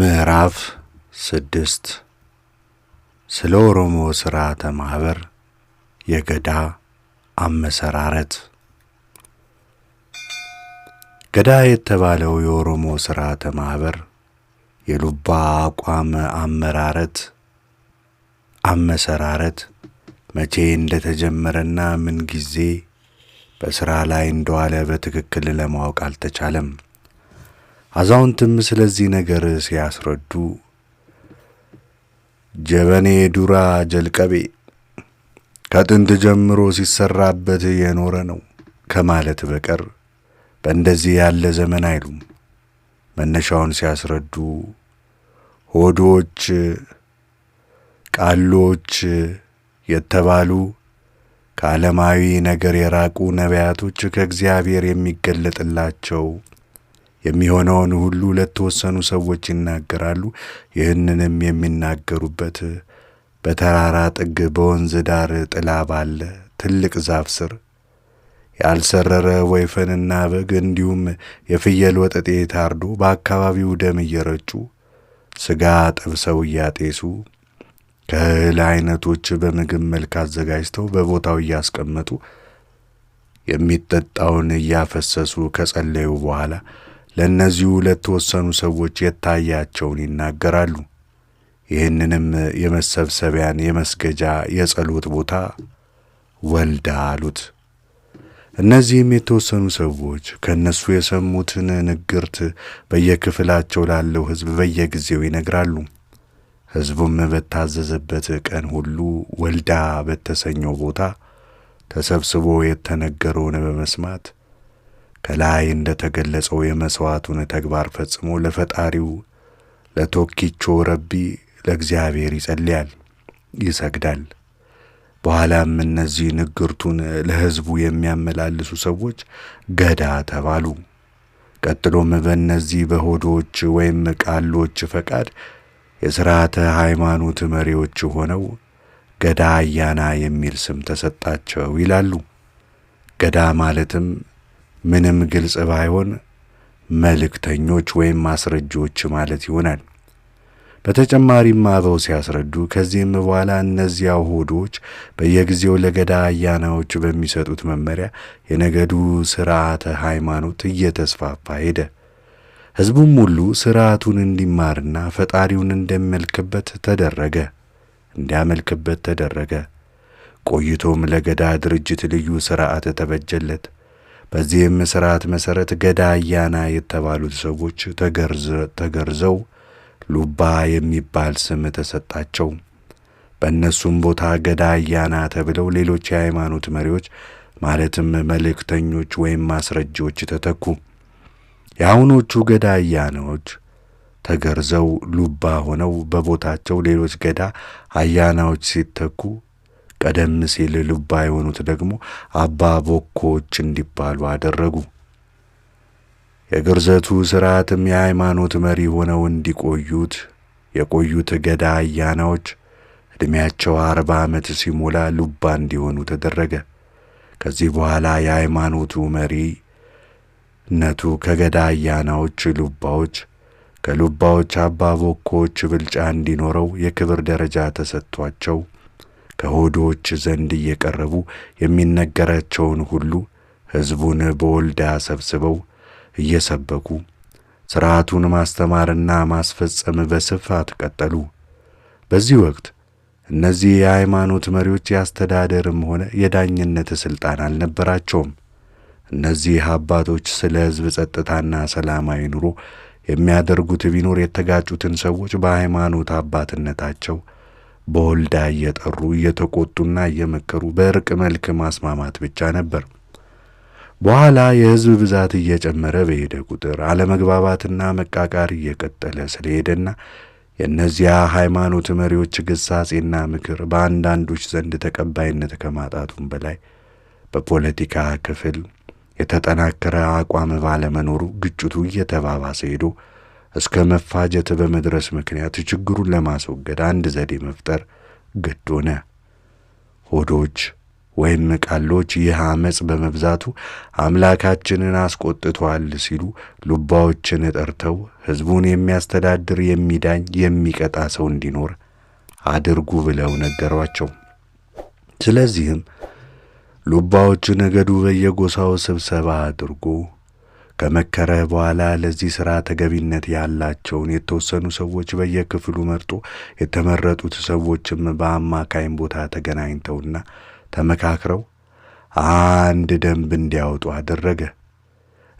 ምዕራፍ ስድስት ስለ ኦሮሞ ሥርዓተ ማኅበር የገዳ አመሰራረት። ገዳ የተባለው የኦሮሞ ሥርዓተ ማኅበር የሉባ አቋም አመራረት አመሰራረት መቼ እንደተጀመረና ምን ጊዜ በሥራ ላይ እንደዋለ በትክክል ለማወቅ አልተቻለም። አዛውንትም ስለዚህ ነገር ሲያስረዱ ጀበኔ ዱራ ጀልቀቤ ከጥንት ጀምሮ ሲሰራበት የኖረ ነው ከማለት በቀር በእንደዚህ ያለ ዘመን አይሉም። መነሻውን ሲያስረዱ ሆዶች፣ ቃሎች የተባሉ ከዓለማዊ ነገር የራቁ ነቢያቶች ከእግዚአብሔር የሚገለጥላቸው የሚሆነውን ሁሉ ለተወሰኑ ሰዎች ይናገራሉ። ይህንንም የሚናገሩበት በተራራ ጥግ በወንዝ ዳር ጥላ ባለ ትልቅ ዛፍ ስር ያልሰረረ ወይፈንና በግ እንዲሁም የፍየል ወጠጤ ታርዶ በአካባቢው ደም እየረጩ ሥጋ ጠብሰው እያጤሱ ከእህል አይነቶች በምግብ መልክ አዘጋጅተው በቦታው እያስቀመጡ የሚጠጣውን እያፈሰሱ ከጸለዩ በኋላ ለእነዚሁ ለተወሰኑ ሰዎች የታያቸውን ይናገራሉ። ይህንንም የመሰብሰቢያን የመስገጃ የጸሎት ቦታ ወልዳ አሉት። እነዚህም የተወሰኑ ሰዎች ከእነሱ የሰሙትን ንግርት በየክፍላቸው ላለው ሕዝብ በየጊዜው ይነግራሉ። ሕዝቡም በታዘዘበት ቀን ሁሉ ወልዳ በተሰኘው ቦታ ተሰብስቦ የተነገረውን በመስማት ከላይ እንደተገለጸው የመሥዋዕቱን ተግባር ፈጽሞ ለፈጣሪው ለቶኪቾ ረቢ ለእግዚአብሔር ይጸልያል፣ ይሰግዳል። በኋላም እነዚህ ንግርቱን ለሕዝቡ የሚያመላልሱ ሰዎች ገዳ ተባሉ። ቀጥሎም በእነዚህ በሆዶች ወይም ቃሎች ፈቃድ የሥርዓተ ሃይማኖት መሪዎች ሆነው ገዳ አያና የሚል ስም ተሰጣቸው ይላሉ። ገዳ ማለትም ምንም ግልጽ ባይሆን መልእክተኞች ወይም ማስረጃዎች ማለት ይሆናል። በተጨማሪም አበው ሲያስረዱ ከዚህም በኋላ እነዚያ ሆዶች በየጊዜው ለገዳ አያናዎች በሚሰጡት መመሪያ የነገዱ ስርዓተ ሃይማኖት እየተስፋፋ ሄደ። ሕዝቡም ሁሉ ስርዓቱን እንዲማርና ፈጣሪውን እንደሚያመልክበት ተደረገ እንዲያመልክበት ተደረገ። ቆይቶም ለገዳ ድርጅት ልዩ ስርዓት ተበጀለት። በዚህም ስርዓት መሠረት ገዳ አያና የተባሉት ሰዎች ተገርዘው ሉባ የሚባል ስም ተሰጣቸው። በእነሱም ቦታ ገዳ አያና ተብለው ሌሎች የሃይማኖት መሪዎች ማለትም መልእክተኞች ወይም ማስረጃዎች ተተኩ። የአሁኖቹ ገዳ አያናዎች ተገርዘው ሉባ ሆነው በቦታቸው ሌሎች ገዳ አያናዎች ሲተኩ ቀደም ሲል ልባ የሆኑት ደግሞ አባ ቦኮዎች እንዲባሉ አደረጉ። የግርዘቱ ሥርዓትም የሃይማኖት መሪ ሆነው እንዲቆዩት የቆዩት ገዳ አያናዎች ዕድሜያቸው አርባ ዓመት ሲሞላ ሉባ እንዲሆኑ ተደረገ። ከዚህ በኋላ የሃይማኖቱ መሪነቱ ከገዳ አያናዎች ሉባዎች፣ ከሉባዎች አባ ቦኮዎች ብልጫ እንዲኖረው የክብር ደረጃ ተሰጥቷቸው ከሆዶዎች ዘንድ እየቀረቡ የሚነገራቸውን ሁሉ ሕዝቡን በወልዳ ሰብስበው እየሰበኩ ሥርዓቱን ማስተማርና ማስፈጸም በስፋት ቀጠሉ። በዚህ ወቅት እነዚህ የሃይማኖት መሪዎች የአስተዳደርም ሆነ የዳኝነት ሥልጣን አልነበራቸውም። እነዚህ አባቶች ስለ ሕዝብ ጸጥታና ሰላማዊ ኑሮ የሚያደርጉት ቢኖር የተጋጩትን ሰዎች በሃይማኖት አባትነታቸው በወልዳ እየጠሩ እየተቆጡና እየመከሩ በእርቅ መልክ ማስማማት ብቻ ነበር። በኋላ የህዝብ ብዛት እየጨመረ በሄደ ቁጥር አለመግባባትና መቃቃር እየቀጠለ ስለሄደና የእነዚያ ሃይማኖት መሪዎች ግሳጼና ምክር በአንዳንዶች ዘንድ ተቀባይነት ከማጣቱም በላይ በፖለቲካ ክፍል የተጠናከረ አቋም ባለመኖሩ ግጭቱ እየተባባሰ ሄዶ እስከ መፋጀት በመድረስ ምክንያት ችግሩን ለማስወገድ አንድ ዘዴ መፍጠር ግድ ሆነ። ሆዶች ወይም ቃሎች ይህ ዓመፅ በመብዛቱ አምላካችንን አስቆጥቷል ሲሉ ሉባዎችን ጠርተው ሕዝቡን የሚያስተዳድር የሚዳኝ፣ የሚቀጣ ሰው እንዲኖር አድርጉ ብለው ነገሯቸው። ስለዚህም ሉባዎቹ ነገዱ በየጎሳው ስብሰባ አድርጎ ከመከረ በኋላ ለዚህ ሥራ ተገቢነት ያላቸውን የተወሰኑ ሰዎች በየክፍሉ መርጦ የተመረጡት ሰዎችም በአማካይም ቦታ ተገናኝተውና ተመካክረው አንድ ደንብ እንዲያወጡ አደረገ።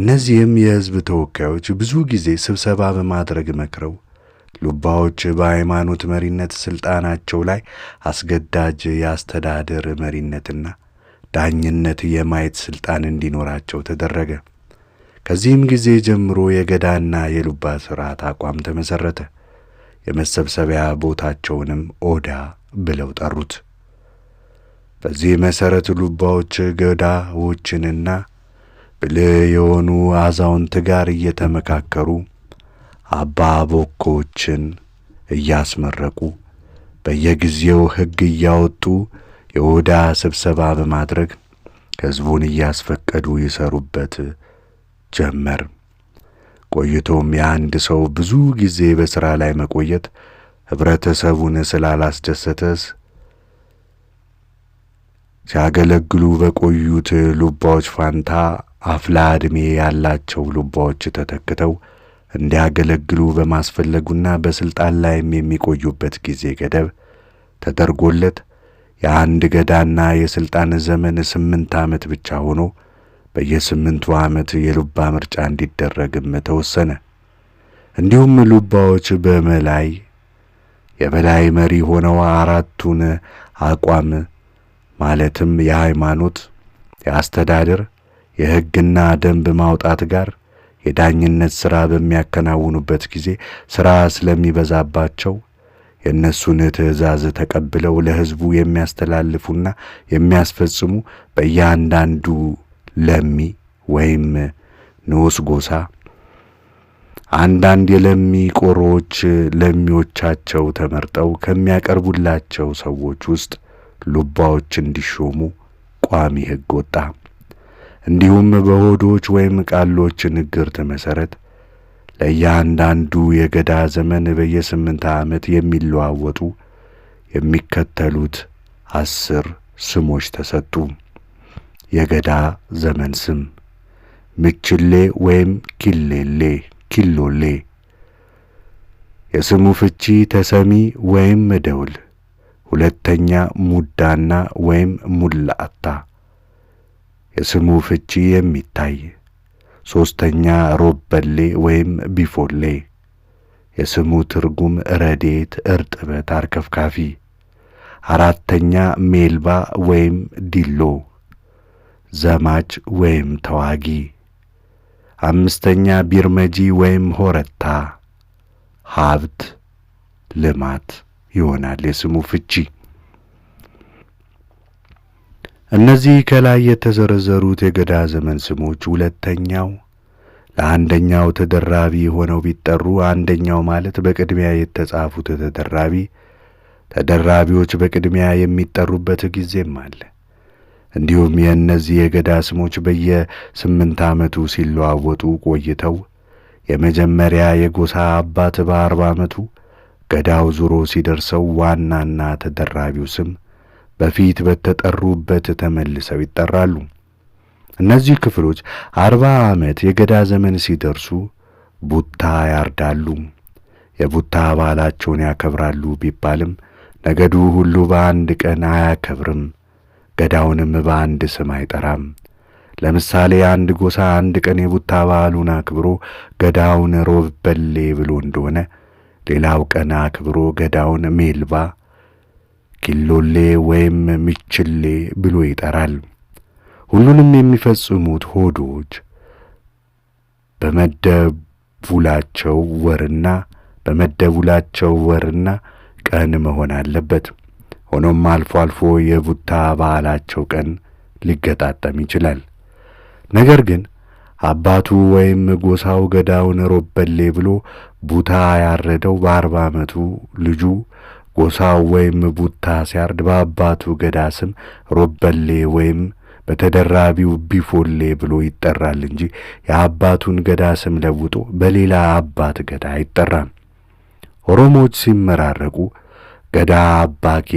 እነዚህም የሕዝብ ተወካዮች ብዙ ጊዜ ስብሰባ በማድረግ መክረው ሉባዎች በሃይማኖት መሪነት ሥልጣናቸው ላይ አስገዳጅ የአስተዳደር መሪነትና ዳኝነት የማየት ሥልጣን እንዲኖራቸው ተደረገ። ከዚህም ጊዜ ጀምሮ የገዳና የሉባ ሥርዓት አቋም ተመሠረተ። የመሰብሰቢያ ቦታቸውንም ኦዳ ብለው ጠሩት። በዚህ መሠረት ሉባዎች ገዳዎችንና ብልህ የሆኑ አዛውንት ጋር እየተመካከሩ አባ ቦኮዎችን እያስመረቁ በየጊዜው ሕግ እያወጡ የኦዳ ስብሰባ በማድረግ ሕዝቡን እያስፈቀዱ ይሰሩበት ጀመር። ቆይቶም የአንድ ሰው ብዙ ጊዜ በሥራ ላይ መቆየት ኅብረተሰቡን ስላላስደሰተስ ሲያገለግሉ በቆዩት ሉባዎች ፋንታ አፍላ ዕድሜ ያላቸው ሉባዎች ተተክተው እንዲያገለግሉ በማስፈለጉና በሥልጣን ላይም የሚቆዩበት ጊዜ ገደብ ተደርጎለት የአንድ ገዳና የሥልጣን ዘመን ስምንት ዓመት ብቻ ሆኖ በየስምንቱ ዓመት የሉባ ምርጫ እንዲደረግም ተወሰነ። እንዲሁም ሉባዎች በመላይ የበላይ መሪ ሆነው አራቱን አቋም ማለትም የሃይማኖት፣ የአስተዳደር፣ የሕግና ደንብ ማውጣት ጋር የዳኝነት ሥራ በሚያከናውኑበት ጊዜ ሥራ ስለሚበዛባቸው የእነሱን ትእዛዝ ተቀብለው ለሕዝቡ የሚያስተላልፉና የሚያስፈጽሙ በእያንዳንዱ ለሚ ወይም ንዑስ ጎሳ አንዳንድ የለሚ ቆሮዎች ለሚዎቻቸው ተመርጠው ከሚያቀርቡላቸው ሰዎች ውስጥ ሉባዎች እንዲሾሙ ቋሚ ሕግ ወጣ። እንዲሁም በሆዶች ወይም ቃሎች ንግርት መሠረት ለእያንዳንዱ የገዳ ዘመን በየስምንት ዓመት የሚለዋወጡ የሚከተሉት አስር ስሞች ተሰጡ። የገዳ ዘመን ስም ምችሌ ወይም ኪሌሌ ኪሎሌ የስሙ ፍቺ ተሰሚ ወይም መደውል፣ ሁለተኛ ሙዳና ወይም ሙላአታ የስሙ ፍቺ የሚታይ፣ ሦስተኛ ሮበሌ ወይም ቢፎሌ የስሙ ትርጉም ረዴት፣ እርጥበት፣ አርከፍካፊ፣ አራተኛ ሜልባ ወይም ዲሎ ዘማች ወይም ተዋጊ። አምስተኛ ቢርመጂ ወይም ሆረታ፣ ሀብት፣ ልማት ይሆናል የስሙ ፍቺ። እነዚህ ከላይ የተዘረዘሩት የገዳ ዘመን ስሞች ሁለተኛው ለአንደኛው ተደራቢ ሆነው ቢጠሩ አንደኛው ማለት በቅድሚያ የተጻፉት ተደራቢ ተደራቢዎች በቅድሚያ የሚጠሩበት ጊዜም አለ። እንዲሁም የእነዚህ የገዳ ስሞች በየስምንት ዓመቱ ሲለዋወጡ ቆይተው የመጀመሪያ የጎሳ አባት በአርባ ዓመቱ ገዳው ዙሮ ሲደርሰው ዋናና ተደራቢው ስም በፊት በተጠሩበት ተመልሰው ይጠራሉ። እነዚህ ክፍሎች አርባ ዓመት የገዳ ዘመን ሲደርሱ ቡታ ያርዳሉ። የቡታ በዓላቸውን ያከብራሉ ቢባልም ነገዱ ሁሉ በአንድ ቀን አያከብርም። ገዳውንም በአንድ ስም አይጠራም። ለምሳሌ አንድ ጎሳ አንድ ቀን የቡታ በዓሉን አክብሮ ገዳውን ሮብ በሌ ብሎ እንደሆነ ሌላው ቀን አክብሮ ገዳውን ሜልባ፣ ኪሎሌ ወይም ሚችሌ ብሎ ይጠራል። ሁሉንም የሚፈጽሙት ሆዶች በመደቡላቸው ወርና በመደቡላቸው ወርና ቀን መሆን አለበት። ሆኖም አልፎ አልፎ የቡታ በዓላቸው ቀን ሊገጣጠም ይችላል። ነገር ግን አባቱ ወይም ጎሳው ገዳውን ሮበሌ ብሎ ቡታ ያረደው በአርባ ዓመቱ ልጁ ጎሳው ወይም ቡታ ሲያርድ በአባቱ ገዳ ስም ሮበሌ ወይም በተደራቢው ቢፎሌ ብሎ ይጠራል እንጂ የአባቱን ገዳ ስም ለውጦ በሌላ አባት ገዳ አይጠራም። ኦሮሞዎች ሲመራረቁ ገዳ አባጌ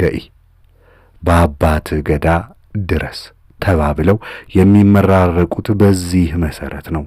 ገኢ በአባት ገዳ ድረስ ተባብለው የሚመራረቁት በዚህ መሠረት ነው።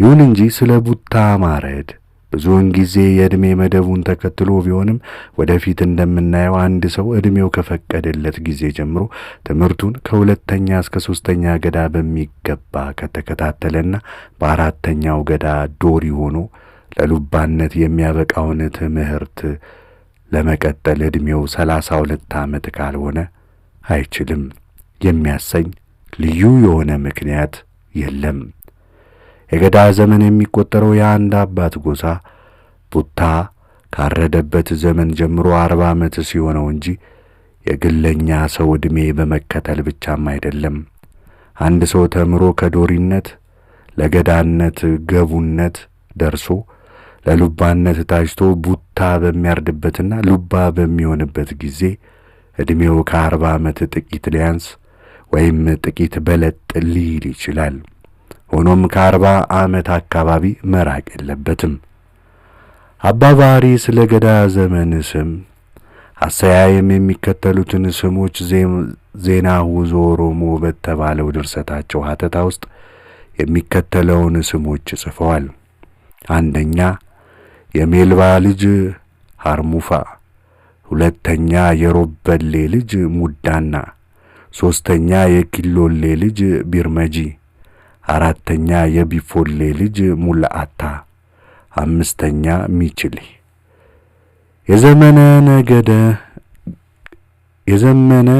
ይሁን እንጂ ስለ ቡታ ማረድ ብዙውን ጊዜ የዕድሜ መደቡን ተከትሎ ቢሆንም ወደፊት እንደምናየው አንድ ሰው ዕድሜው ከፈቀደለት ጊዜ ጀምሮ ትምህርቱን ከሁለተኛ እስከ ሦስተኛ ገዳ በሚገባ ከተከታተለና በአራተኛው ገዳ ዶሪ ሆኖ ለሉባነት የሚያበቃውን ትምህርት ለመቀጠል ዕድሜው ሰላሳ ሁለት ዓመት ካልሆነ አይችልም የሚያሰኝ ልዩ የሆነ ምክንያት የለም። የገዳ ዘመን የሚቆጠረው የአንድ አባት ጎሳ ቡታ ካረደበት ዘመን ጀምሮ አርባ ዓመት ሲሆነው እንጂ የግለኛ ሰው ዕድሜ በመከተል ብቻም አይደለም። አንድ ሰው ተምሮ ከዶሪነት ለገዳነት ገቡነት ደርሶ ለሉባነት ታጭቶ ቡታ በሚያርድበትና ሉባ በሚሆንበት ጊዜ ዕድሜው ከአርባ ዓመት ጥቂት ሊያንስ ወይም ጥቂት በለጥ ሊል ይችላል። ሆኖም ከአርባ ዓመት አካባቢ መራቅ የለበትም። አባባሪ ስለ ገዳ ዘመን ስም አሰያየም የሚከተሉትን ስሞች ዜና ውዞ ኦሮሞ በተባለው ድርሰታቸው ሐተታ ውስጥ የሚከተለውን ስሞች ጽፈዋል። አንደኛ የሜልባ ልጅ ሃርሙፋ፣ ሁለተኛ የሮበሌ ልጅ ሙዳና፣ ሦስተኛ የኪሎሌ ልጅ ቢርመጂ፣ አራተኛ የቢፎሌ ልጅ ሙላአታ፣ አምስተኛ ሚችሊ የዘመነ ነገደ የዘመነ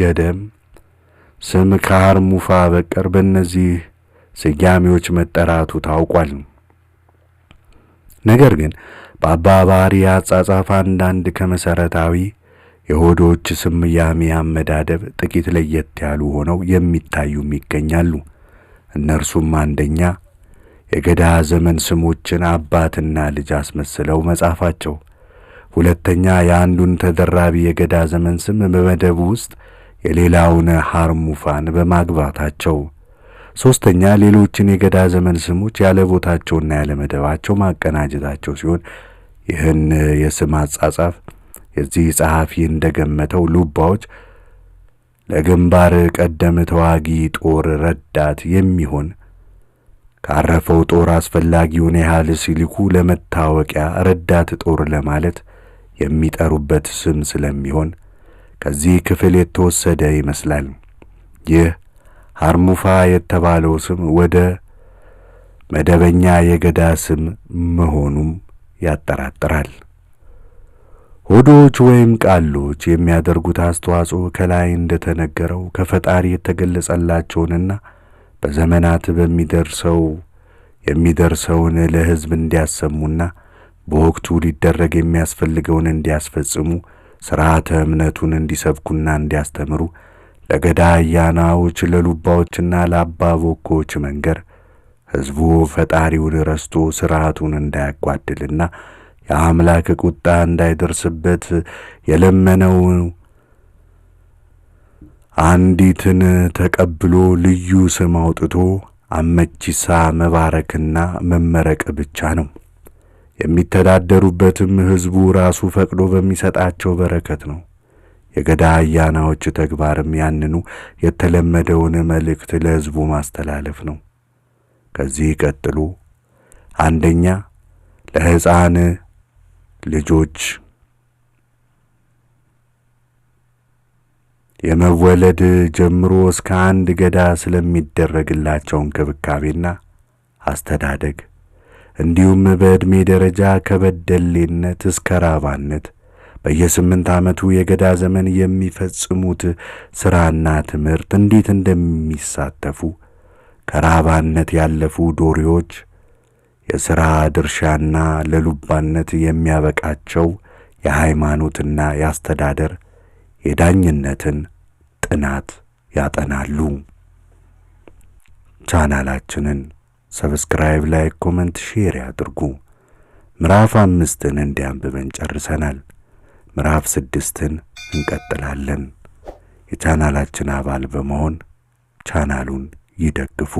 ገደም ስም ከሃርሙፋ በቀር በእነዚህ ስያሜዎች መጠራቱ ታውቋል። ነገር ግን በአባ ባህሪ አጻጻፍ አንዳንድ ከመሠረታዊ የሆዶች ስያሜ አመዳደብ ጥቂት ለየት ያሉ ሆነው የሚታዩም ይገኛሉ። እነርሱም አንደኛ የገዳ ዘመን ስሞችን አባትና ልጅ አስመስለው መጻፋቸው፣ ሁለተኛ የአንዱን ተደራቢ የገዳ ዘመን ስም በመደቡ ውስጥ የሌላውን ሐርሙፋን በማግባታቸው፣ ሶስተኛ ሌሎችን የገዳ ዘመን ስሞች ያለ ቦታቸውና ያለ መደባቸው ማቀናጀታቸው ሲሆን ይህን የስም አጻጻፍ የዚህ ጸሐፊ እንደገመተው ሉባዎች ለግንባር ቀደም ተዋጊ ጦር ረዳት የሚሆን ካረፈው ጦር አስፈላጊውን ያህል ሲልኩ ለመታወቂያ ረዳት ጦር ለማለት የሚጠሩበት ስም ስለሚሆን ከዚህ ክፍል የተወሰደ ይመስላል። ይህ አርሙፋ የተባለው ስም ወደ መደበኛ የገዳ ስም መሆኑም ያጠራጥራል። ሆዶዎች ወይም ቃሎች የሚያደርጉት አስተዋጽኦ ከላይ እንደተነገረው ከፈጣሪ የተገለጸላቸውንና በዘመናት በሚደርሰው የሚደርሰውን ለሕዝብ እንዲያሰሙና በወቅቱ ሊደረግ የሚያስፈልገውን እንዲያስፈጽሙ ሥርዓተ እምነቱን እንዲሰብኩና እንዲያስተምሩ ለገዳ ያናዎች ለሉባዎችና ለአባ መንገር ሕዝቡ ፈጣሪውን ረስቶ ሥርዓቱን እንዳያጓድልና የአምላክ ቁጣ እንዳይደርስበት የለመነው አንዲትን ተቀብሎ ልዩ ስም አውጥቶ አመቺሳ መባረክና መመረቅ ብቻ ነው። የሚተዳደሩበትም ሕዝቡ ራሱ ፈቅዶ በሚሰጣቸው በረከት ነው። የገዳ አያናዎች ተግባርም ያንኑ የተለመደውን መልእክት ለሕዝቡ ማስተላለፍ ነው። ከዚህ ቀጥሎ አንደኛ ለሕፃን ልጆች የመወለድ ጀምሮ እስከ አንድ ገዳ ስለሚደረግላቸው እንክብካቤና አስተዳደግ እንዲሁም በዕድሜ ደረጃ ከበደሌነት እስከ ራባነት በየስምንት ዓመቱ የገዳ ዘመን የሚፈጽሙት ሥራና ትምህርት እንዴት እንደሚሳተፉ ከራባነት ያለፉ ዶሪዎች የሥራ ድርሻና ለሉባነት የሚያበቃቸው የሃይማኖትና የአስተዳደር የዳኝነትን ጥናት ያጠናሉ። ቻናላችንን ሰብስክራይብ፣ ላይ ኮመንት፣ ሼር ያድርጉ። ምዕራፍ አምስትን እንዲያንብበን ጨርሰናል። ምዕራፍ ስድስትን እንቀጥላለን። የቻናላችን አባል በመሆን ቻናሉን ይደግፉ።